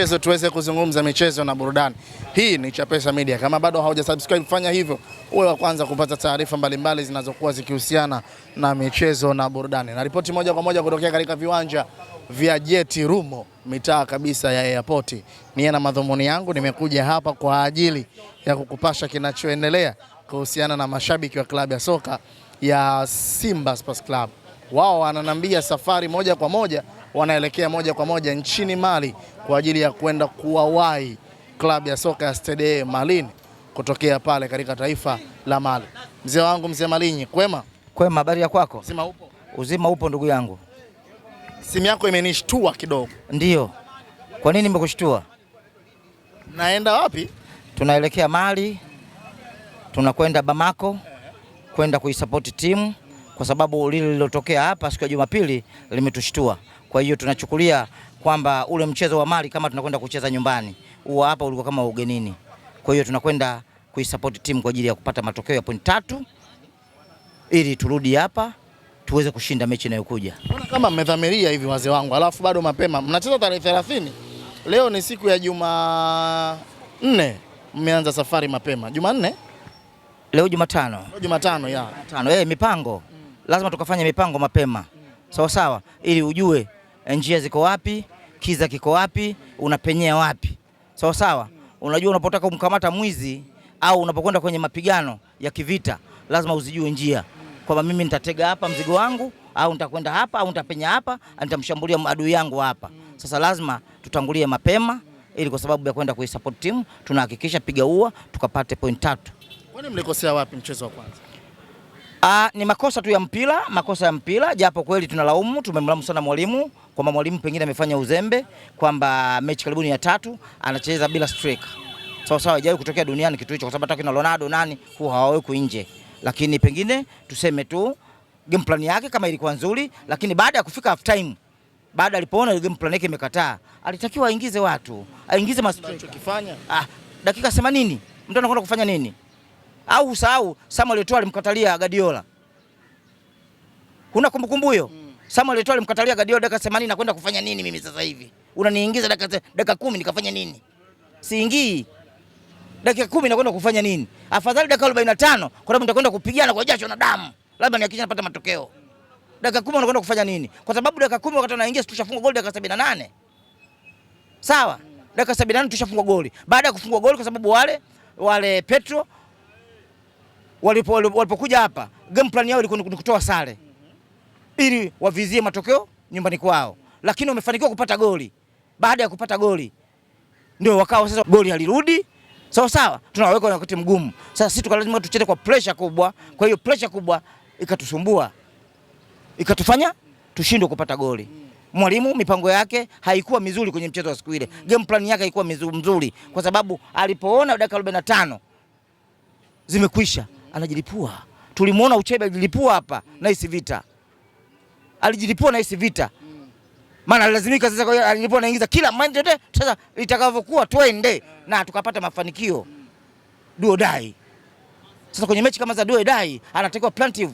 Michezo tuweze kuzungumza michezo na burudani. Hii ni Chapesa Media. Kama bado subscribe, fanya hivyo, uwe wa kwanza kupata taarifa mbalimbali zinazokuwa zikihusiana na michezo na burudani. Na ripoti moja kwa moja kutokea katika viwanja vya Jeti Rumo, mitaa kabisa ya airport. Niye na madhumuni yangu nimekuja hapa kwa ajili ya kukupasha kinachoendelea kuhusiana na mashabiki wa klabu ya soka ya Simba Sports Club. Wao wananiambia safari moja kwa moja wanaelekea moja kwa moja nchini Mali kwa ajili ya kwenda kuwawahi klabu ya soka ya Stade Malien kutokea pale katika taifa la Mali. Mzee wangu mzee Malinyi, kwema kwema, habari ya kwako? Uzima upo? Uzima upo ndugu yangu. Simu yako imenishtua kidogo. Ndiyo, kwa nini imekushtua? Naenda wapi? Tunaelekea Mali, tunakwenda Bamako kwenda kuisapoti timu, kwa sababu lile lililotokea hapa siku ya Jumapili limetushtua. Kwa hiyo tunachukulia kwamba ule mchezo wa Mali kama tunakwenda kucheza nyumbani, huo hapa ulikuwa kama ugenini. Kwa hiyo tunakwenda kuisupport timu kwa ajili ya kupata matokeo ya point tatu ili turudi hapa tuweze kushinda mechi inayokuja. Mbona kama mmedhamiria hivi wazee wangu, alafu bado mapema mnacheza tarehe 30. Leo ni siku ya juma nne mmeanza safari mapema nne? leo Jumatano, leo Jumatano ya tano. Eh, mipango mm. lazima tukafanya mipango mapema, sawa sawa, ili ujue njia ziko wapi, kiza kiko wapi, unapenyea wapi, sawa sawa. Unajua, unapotaka kumkamata mwizi au unapokwenda kwenye mapigano ya kivita, lazima uzijue njia, kwamba mimi nitatega hapa mzigo wangu, au nitakwenda hapa, au nitapenya hapa, nitamshambulia adui yangu hapa. Sasa lazima tutangulie mapema, ili kwa sababu ya kwenda support team, tunahakikisha piga ua tukapate point tatu. Kwani mlikosea wapi mchezo wa kwanza? Aa, ah, ni makosa tu ya mpira, makosa ya mpira, japo kweli tunalaumu, tumemlaumu sana mwalimu kwamba mwalimu pengine amefanya uzembe, kwamba mechi karibuni ya tatu anacheza bila striker. Sawa sawa, haijawahi kutokea duniani kitu hicho, kwa sababu hata kina Ronaldo nani huwa hawawekwi nje, lakini pengine tuseme tu game plan yake kama ilikuwa nzuri, lakini baada ya kufika half time baada alipoona game plan yake imekataa, alitakiwa aingize watu, aingize ma striker. mastrike. Ah, dakika 80 mtu anakwenda kufanya nini? Au usahau Samuel Eto'o alimkatalia Guardiola, kuna kumbukumbu hiyo? hmm. Samuel Eto'o alimkatalia Guardiola dakika 80 na kwenda kufanya nini mimi sasa hivi? Unaniingiza dakika dakika kumi nikafanya nini? Siingii. Dakika kumi nakwenda kufanya nini? Afadhali dakika 45 kwa sababu nitakwenda kupigana kwa jasho na damu. Labda nihakikisha napata matokeo. Dakika kumi unakwenda kufanya nini? Kwa sababu dakika kumi wakati unaingia tushafunga goli dakika 78. Sawa? Dakika 78 tushafunga goli. Baada ya kufunga goli kwa sababu wale wale Petro walipokuja walipo hapa game plan yao ilikuwa ni kutoa sare ili wavizie matokeo nyumbani kwao, lakini wamefanikiwa kupata goli. Baada ya kupata goli ndio wakawa sasa, goli halirudi sawa sawa, tunaweka wakati mgumu. Sasa sisi tukalazima tucheze kwa pressure kubwa, kwa hiyo pressure kubwa ikatusumbua, ikatufanya tushindwe kupata goli. Mwalimu mipango yake haikuwa mizuri kwenye mchezo wa siku ile, game plan yake haikuwa mzuri, kwa sababu alipoona dakika 45 zimekwisha, anajilipua. Tulimuona Uchebe ajilipua hapa na hisi vita alijilipua na hizi vita maana lazimika sasa, kwa hiyo alilipo anaingiza kila mande yote. Sasa itakavyokuwa twende na tukapata mafanikio duo dai. Sasa kwenye mechi kama za duo dai anatakiwa plantive,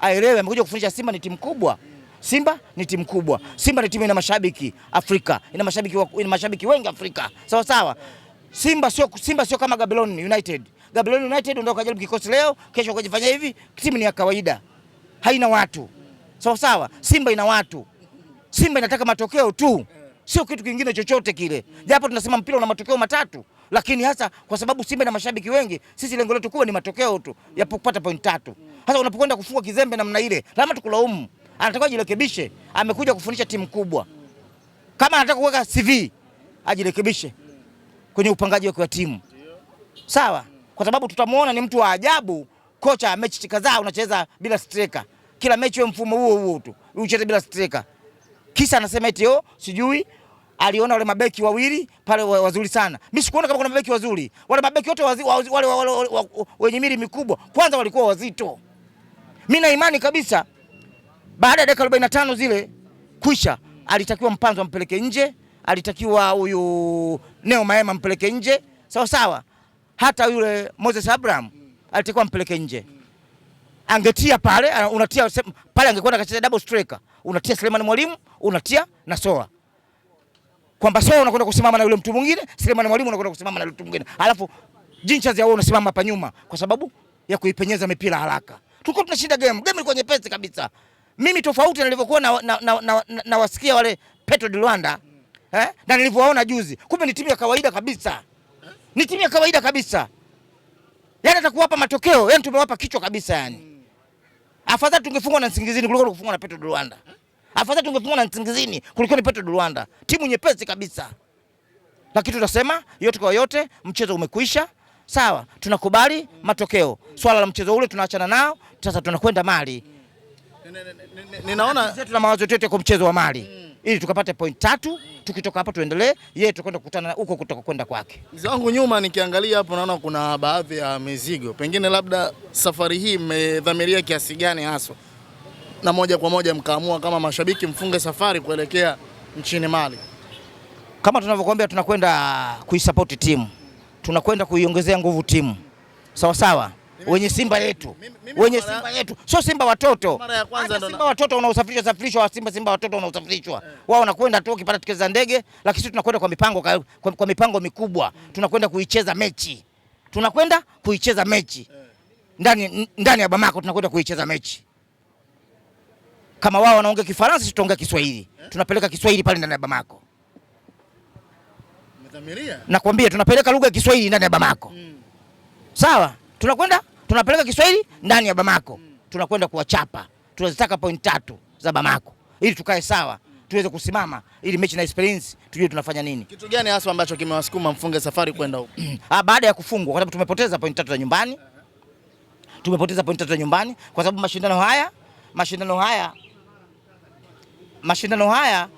aelewe amekuja kufundisha. Simba ni timu kubwa, Simba ni timu kubwa, Simba ni timu ina mashabiki Afrika, ina mashabiki, ina mashabiki wengi Afrika, sawa sawa. Simba sio Simba sio kama Gaborone United. Gaborone United ndio kajaribu kikosi leo, kesho kujifanya hivi. Timu ni ya kawaida, haina watu sawa sawa. Simba ina watu, Simba inataka matokeo tu, sio kitu kingine chochote kile, japo tunasema mpira una matokeo matatu lakini hasa kwa sababu Simba na mashabiki wengi, sisi lengo letu kubwa ni matokeo tu ya kupata point tatu. Hasa unapokwenda kufunga kizembe namna ile, lama tukulaumu. anataka ajirekebishe, amekuja kufundisha timu kubwa. Kama anataka kuweka CV ajirekebishe kwenye upangaji wake wa timu, sawa, kwa sababu tutamuona ni mtu wa ajabu. Kocha mechi kadhaa unacheza bila striker kila mechi mfumo huo huo tu ucheze bila striker. Kisa anasema eti yo oh, sijui aliona wale mabeki wawili pale wazuri sana. Mimi sikuona kama kuna mabeki wazuri. Wale mabeki wote wazi, wazi, wale wale, wenye mili mikubwa kwanza walikuwa wazito. Mimi na imani kabisa baada ya dakika 45 zile kwisha, alitakiwa Mpanzo ampeleke nje, alitakiwa huyu Neo Maema ampeleke nje. Sawa sawa. Hata yule Moses Abraham alitakiwa ampeleke nje angetia pale, unatia pale, angekuwa anacheza double striker, unatia Selemani Mwalimu, unatia na Soa, kwamba Soa unakwenda kusimama na yule mtu mwingine, Selemani Mwalimu unakwenda kusimama na yule mtu mwingine, alafu jinchas ya wewe unasimama hapa nyuma, kwa sababu ya kuipenyeza mipira haraka. Tulikuwa tunashinda game, game ilikuwa nyepesi kabisa. Mimi tofauti nilivyokuwa na, na, na, na, na, na wasikia wale Petro de Luanda eh, na nilivyowaona juzi, kumbe ni timu ya kawaida kabisa, ni timu ya kawaida kabisa. Yani atakuwapa matokeo, yani tumewapa kichwa kabisa yani. Afadhali tungefungwa na Singizini kuliko kufungwa na Petro de Luanda. Afadhali tungefungwa na Singizini kuliko ni Petro de Luanda. Timu nyepesi kabisa. Lakini tunasema yote kwa yote, mchezo umekwisha. Sawa, tunakubali matokeo. Swala la mchezo ule tunaachana nao, sasa tunakwenda Mali. Ninaona tuna mawazo yote kwa mchezo wa Mali. Mm ili tukapate point tatu. Tukitoka hapa tuendelee, yeye tukwenda kukutana huko kutoka kwenda kwake. Mzee wangu, nyuma nikiangalia hapo naona kuna baadhi ya mizigo, pengine labda safari hii mmedhamiria kiasi gani haswa, na moja kwa moja mkaamua kama mashabiki mfunge safari kuelekea nchini Mali? Kama tunavyokuambia, tunakwenda kuisupport timu, tunakwenda kuiongezea nguvu timu, sawa sawa wenye Simba yetu, wenye Simba yetu, sio Simba watoto. Simba watoto wanaosafirishwa safirishwa, Simba Simba watoto wanaosafirishwa eh. wao wanakwenda tu, wakipata tiketi za ndege, lakini sisi tunakwenda kwa mipango, kwa, kwa mipango mikubwa. Mm. Tunakwenda kuicheza mechi, tunakwenda kuicheza mechi eh. ndani ndani ya Bamako, tunakwenda kuicheza mechi kama wao wanaongea Kifaransa, sisi tutaongea Kiswahili. Eh. Tunapeleka Kiswahili pale ndani ya Bamako, nakwambia tunapeleka lugha ya Kiswahili ndani ya Bamako. mm. Sawa, tunakwenda tunapeleka Kiswahili ndani ya Bamako, tunakwenda kuwachapa. Tunazitaka point tatu za Bamako ili tukae sawa tuweze kusimama ili mechi na experience tujue tunafanya nini. Kitu gani hasa ambacho kimewasukuma mfunge safari kwenda huko? Ah, baada ya kufungwa kwa sababu tumepoteza point tatu za nyumbani. Tumepoteza point tatu za nyumbani kwa sababu mashindano haya, mashindano haya, mashindano haya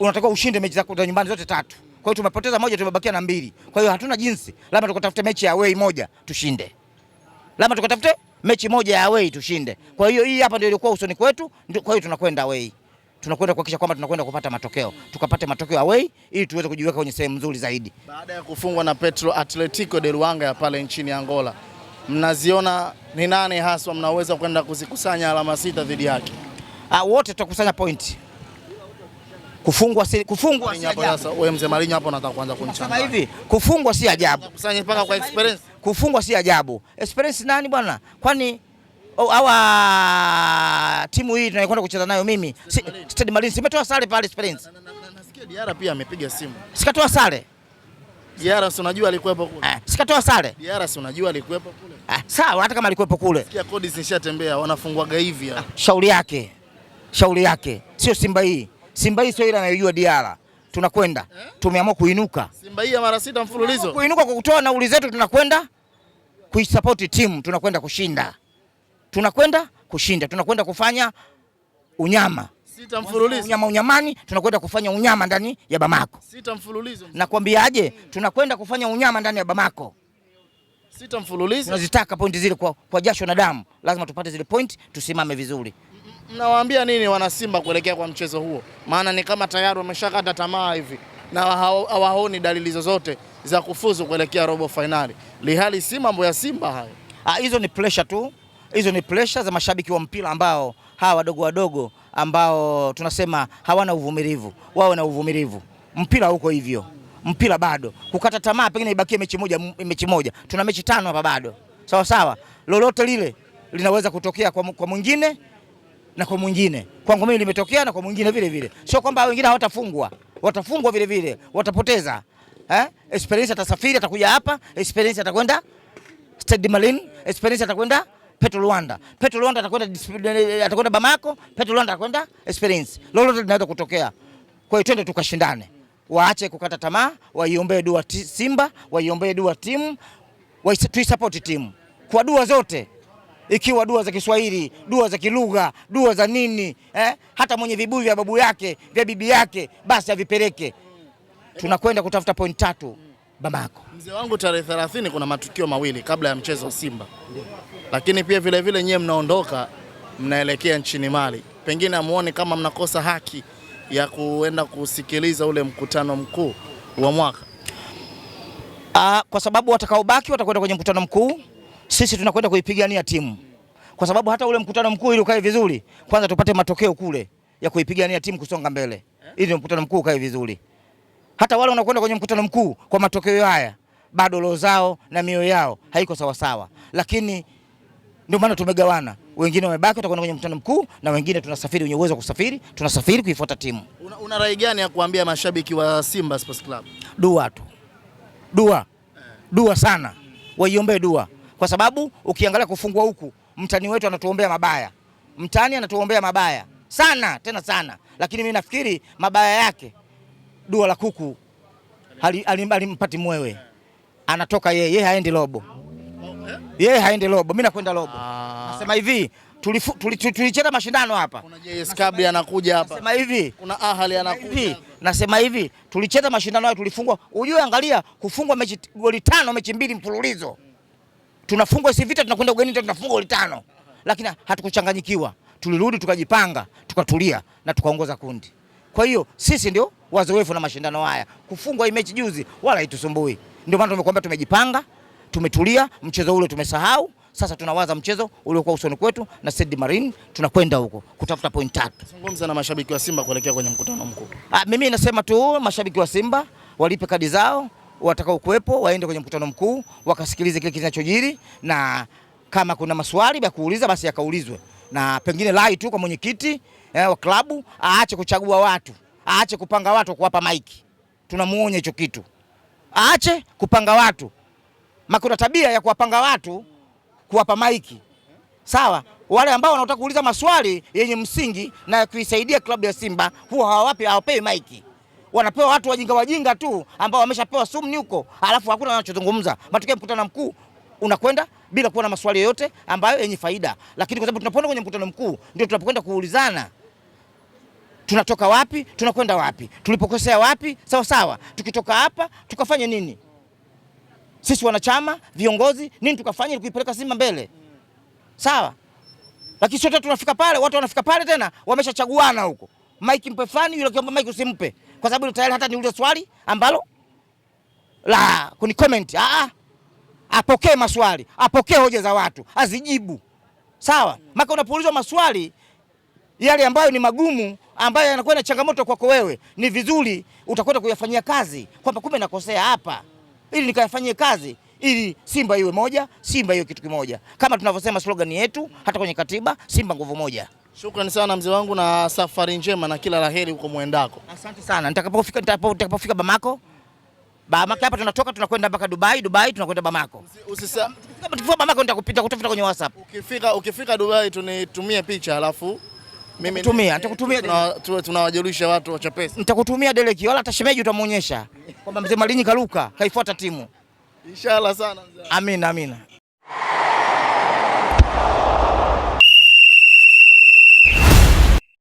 unatakiwa ushinde mechi zako za nyumbani zote tatu. Kwa hiyo tumepoteza moja, tumebakia na mbili. Kwa hiyo hatuna jinsi, labda tukatafute mechi ya away moja tushinde lama tukatafute mechi moja ya away tushinde. Kwa hiyo hii hapa ndio ilikuwa usoni kwetu, kwa hiyo tunakwenda away. Tunakwenda kuhakikisha kwamba tunakwenda kupata matokeo, tukapate matokeo away ili tuweze kujiweka kwenye sehemu nzuri zaidi. Baada ya kufungwa na Petro Atletico de Luanga ya pale nchini Angola, mnaziona ni nani haswa mnaweza kwenda kuzikusanya alama sita dhidi yake? Ah, wote tutakusanya point. Kufungwa si kufungwa si ajabu. Wewe mzee Marinho hapo unataka kuanza kunichanganya. Sasa hivi kufungwa si ajabu. Kusanya mpaka kwa experience kufungwa si ajabu. Experience nani bwana? Kwani oh, hawa timu hii tunayokwenda kucheza nayo mimi Stade Malien imetoa sare pale Experience. Nasikia Diara pia amepiga simu. Sikatoa sare. Diara si unajua alikuwepo kule. Eh, sikatoa sare. Diara si unajua alikuwepo kule. Eh, sawa hata kama alikuwepo kule. Sikia kodi zishatembea wanafungwaga hivi. Shauri yake. Shauri yake. Sio Simba hii. Simba hii sio ile anayojua Diara tunakwenda tumeamua kuinuka. Simba hii ya mara sita mfululizo. Kuinuka kwa kutoa nauli zetu tunakwenda kuisupport timu, tunakwenda kushinda. Tunakwenda kushinda, tunakwenda kufanya unyama. Sita mfululizo. Unyama unyamani, tunakwenda kufanya unyama ndani ya Bamako. Sita mfululizo. Nakwambiaje? Tunakwenda kufanya unyama ndani ya Bamako. Sita mfululizo. Tunazitaka pointi zile kwa, kwa jasho na damu. Lazima tupate zile pointi, tusimame vizuri mnawaambia nini wanasimba kuelekea kwa mchezo huo? Maana ni kama tayari wameshakata tamaa hivi na hawaoni dalili zozote za kufuzu kuelekea robo fainali, lihali si mambo ya Simba hayo. Ah, hizo ni pressure tu, hizo ni pressure za mashabiki wa mpira ambao hawa wadogo wadogo ambao tunasema hawana uvumilivu, wawe na uvumilivu. Mpira huko hivyo, mpira bado kukata tamaa, pengine ibakie mechi moja, mechi moja. Tuna mechi tano hapa bado, sawa sawa, lolote lile linaweza kutokea kwa, kwa mwingine na kwa mwingine. Kwangu mimi limetokea na kwa mwingine vile vile, sio kwamba wengine hawatafungwa, watafungwa vile vile, watapoteza eh. Experience atasafiri, atakuja hapa, experience atakwenda Stade Malien, experience atakwenda Petro Luanda, Petro Luanda atakwenda eh, atakwenda Bamako, Petro Luanda atakwenda experience. Lolote linaweza kutokea, kwa hiyo twende tukashindane, waache kukata tamaa, waiombee dua Simba, waiombee dua timu, tuisupport timu kwa dua zote ikiwa dua za Kiswahili, dua za kilugha, dua za nini eh? hata mwenye vibuyu vya babu yake vya bibi yake basi avipeleke. Tunakwenda kutafuta point tatu babako. Mzee wangu, tarehe 30 kuna matukio mawili kabla ya mchezo wa Simba, lakini pia vilevile nyie mnaondoka mnaelekea nchini Mali, pengine amuone kama mnakosa haki ya kuenda kusikiliza ule mkutano mkuu wa mwaka. Aa, ah, kwa sababu watakaobaki watakwenda kwenye mkutano mkuu sisi tunakwenda kuipigania timu, kwa sababu hata ule mkutano mkuu ili ukae vizuri, kwanza tupate matokeo kule ya kuipigania timu kusonga mbele, ili mkutano mkuu ukae vizuri. Hata wale wanakwenda kwenye mkutano mkuu kwa matokeo haya, bado roho zao na mioyo yao haiko sawa sawa, lakini ndio maana tumegawana, wengine wamebaki watakwenda kwenye mkutano mkuu na wengine tunasafiri, wenye uwezo wa kusafiri tunasafiri kuifuata timu. Una, una rai gani ya kuambia mashabiki wa Simba Sports Club? Dua tu, dua, dua sana, waiombee dua kwa sababu ukiangalia kufungwa huku, mtani wetu anatuombea mabaya, mtani anatuombea mabaya sana tena sana, lakini mimi nafikiri mabaya yake dua la kuku alimpati mwewe, anatoka yeye, yeye haendi lobo, yeye haendi lobo, mimi nakwenda lobo. Ah. Nasema hivi tulicheza tuli, tuli, mashindano hapa, kuna JS anakuja hapa, nasema hivi kuna Ahali anakuja, nasema hivi tulicheza mashindano haya, tulifungwa. Ujue, angalia kufungwa mechi goli tano mechi mbili mfululizo tunafungwa si vita, tunakwenda ugenini, tunafungwa goli tano, lakini hatukuchanganyikiwa. Tulirudi tukajipanga, tukatulia na tukaongoza kundi. Kwa hiyo sisi ndio wazoefu na mashindano haya. Kufungwa hii mechi juzi wala haitusumbui, ndio maana tumekwambia tumejipanga, tumetulia, mchezo ule tumesahau. Sasa tunawaza mchezo uliokuwa usoni kwetu na Sedi Marine, tunakwenda huko kutafuta point tatu. Zungumza na mashabiki wa Simba kuelekea kwenye mkutano mkuu. Ah, mimi nasema tu mashabiki wa Simba walipe kadi zao watakao kuwepo waende kwenye mkutano mkuu wakasikilize kile kinachojiri, na kama kuna maswali ya kuuliza basi yakaulizwe, na pengine lai tu kwa mwenyekiti eh, wa klabu aache kuchagua watu, aache kupanga watu kuwapa maiki. Tunamuonya hicho kitu, aache kupanga watu makuna tabia ya kuwapanga watu kuwapa maiki. Sawa, wale ambao wanataka kuuliza maswali yenye msingi na kuisaidia klabu ya Simba huwa hawapi, hawapewi maiki wanapewa watu wajinga wajinga tu ambao wameshapewa sumni huko, alafu hakuna wanachozungumza. Matokeo mkutano mkuu unakwenda bila kuwa na maswali yoyote ambayo yenye faida, lakini kwa sababu tunapoenda kwenye mkutano mkuu ndio tunapokwenda kuulizana tunatoka wapi, tunakwenda wapi, tulipokosea wapi, sawa sawa, tukitoka hapa tukafanye nini sisi wanachama, viongozi, nini tukafanye kuipeleka Simba mbele, sawa. Lakini sote tunafika pale, watu wanafika pale tena wameshachaguana huko, Mike mpe fulani, yule kiomba Mike usimpe kwa sababu tayari hata niulize swali ambalo la kuni comment. Ah, ah. apokee maswali, apokee hoja za watu, azijibu sawa. Maka unapoulizwa maswali yale ambayo ni magumu ambayo yanakuwa na changamoto kwako wewe, ni vizuri utakwenda kuyafanyia kazi, kwamba kumbe nakosea hapa, ili nikayafanyie kazi, ili Simba iwe moja, Simba iwe kitu kimoja, kama tunavyosema slogan yetu hata kwenye katiba, Simba nguvu moja. Shukrani sana mzee wangu na safari njema na kila laheri huko mwendako. Asante sana. Nitakapofika nitakapofika Bamako. Bamako hapa tunatoka tunakwenda mpaka Dubai, Dubai tunakwenda Bamako. Usisa Tukifika Bamako nitakupita kutafuta kwenye WhatsApp. Ukifika ukifika Dubai tunitumie picha alafu mimi nitumia, nitakutumia tunawajulisha watu wa Chapesa. Nitakutumia Dereki wala tashemeji utamuonyesha kwamba mzee Malinyi karuka kaifuata timu. Inshallah sana mzee. Amina, amina.